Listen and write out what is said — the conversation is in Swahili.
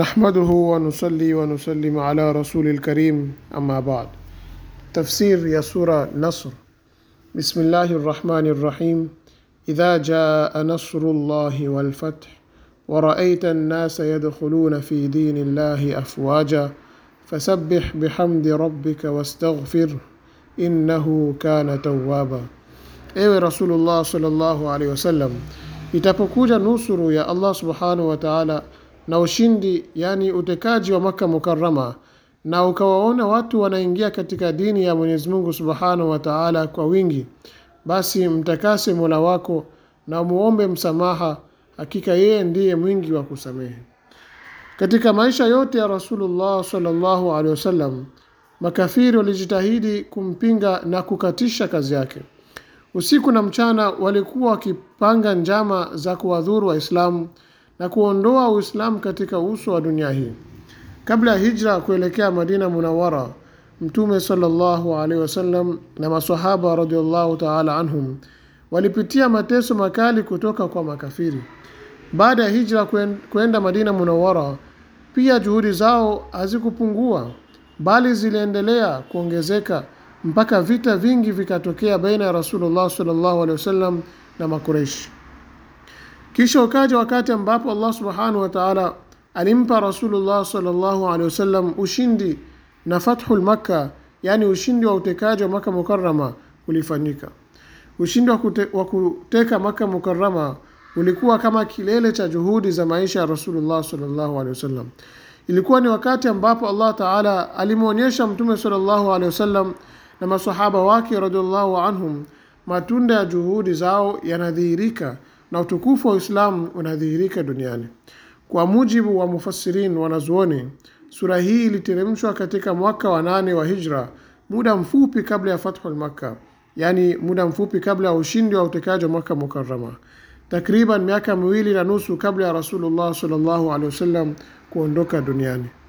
نحمده ونصلي ونسلم على رسول الكريم أما بعد تفسير يا سورة نصر بسم الله الرحمن الرحيم إذا جاء نصر الله والفتح ورأيت الناس يدخلون في دين الله أفواجا فسبح بحمد ربك واستغفر إنه كان توابا أيوة رسول الله صلى الله عليه وسلم nusuru نصر يا الله سبحانه وتعالى na ushindi, yani utekaji wa Maka mukarama na ukawaona watu wanaingia katika dini ya Mwenyezi Mungu Subhanahu wa Ta'ala kwa wingi, basi mtakase Mola wako na muombe msamaha, hakika yeye ndiye mwingi wa kusamehe. Katika maisha yote ya Rasulullah sallallahu alaihi wasallam, makafiri walijitahidi kumpinga na kukatisha kazi yake. Usiku na mchana walikuwa wakipanga njama za kuwadhuru Waislamu na kuondoa Uislamu katika uso wa dunia hii. Kabla ya hijra kuelekea Madina Munawara, Mtume sallallahu alaihi wasallam na masahaba radhiallahu taala anhum walipitia mateso makali kutoka kwa makafiri. Baada ya hijra kwenda Madina Munawara, pia juhudi zao hazikupungua, bali ziliendelea kuongezeka mpaka vita vingi vikatokea baina ya Rasulullah sallallahu alaihi wasallam na Makureishi. Kisha ukaja wakati ambapo Allah subhanahu wa taala alimpa Rasulullah sallallahu alaihi wasallam ushindi na fathul Makka, yani ushindi wa utekaji wa Maka Mukarrama ulifanyika. Ushindi wa, kute, wa kuteka Maka Mukarrama ulikuwa kama kilele cha juhudi za maisha ya Rasulullah sallallahu alaihi wasallam. Ilikuwa ni wakati ambapo Allah taala alimwonyesha Mtume sallallahu alaihi wasallam na masahaba wake radhiallahu anhum, matunda ya juhudi zao yanadhihirika na utukufu wa Uislamu unadhihirika duniani. Kwa mujibu wa mufassirin wanazuoni, sura hii iliteremshwa katika mwaka wa nane wa Hijra, muda mfupi kabla ya Fathul Makka, yaani muda mfupi kabla ya ushindi wa utekaji wa Makka Mukarrama, takriban miaka miwili na nusu kabla ya Rasulullah sallallahu alaihi wasallam kuondoka duniani.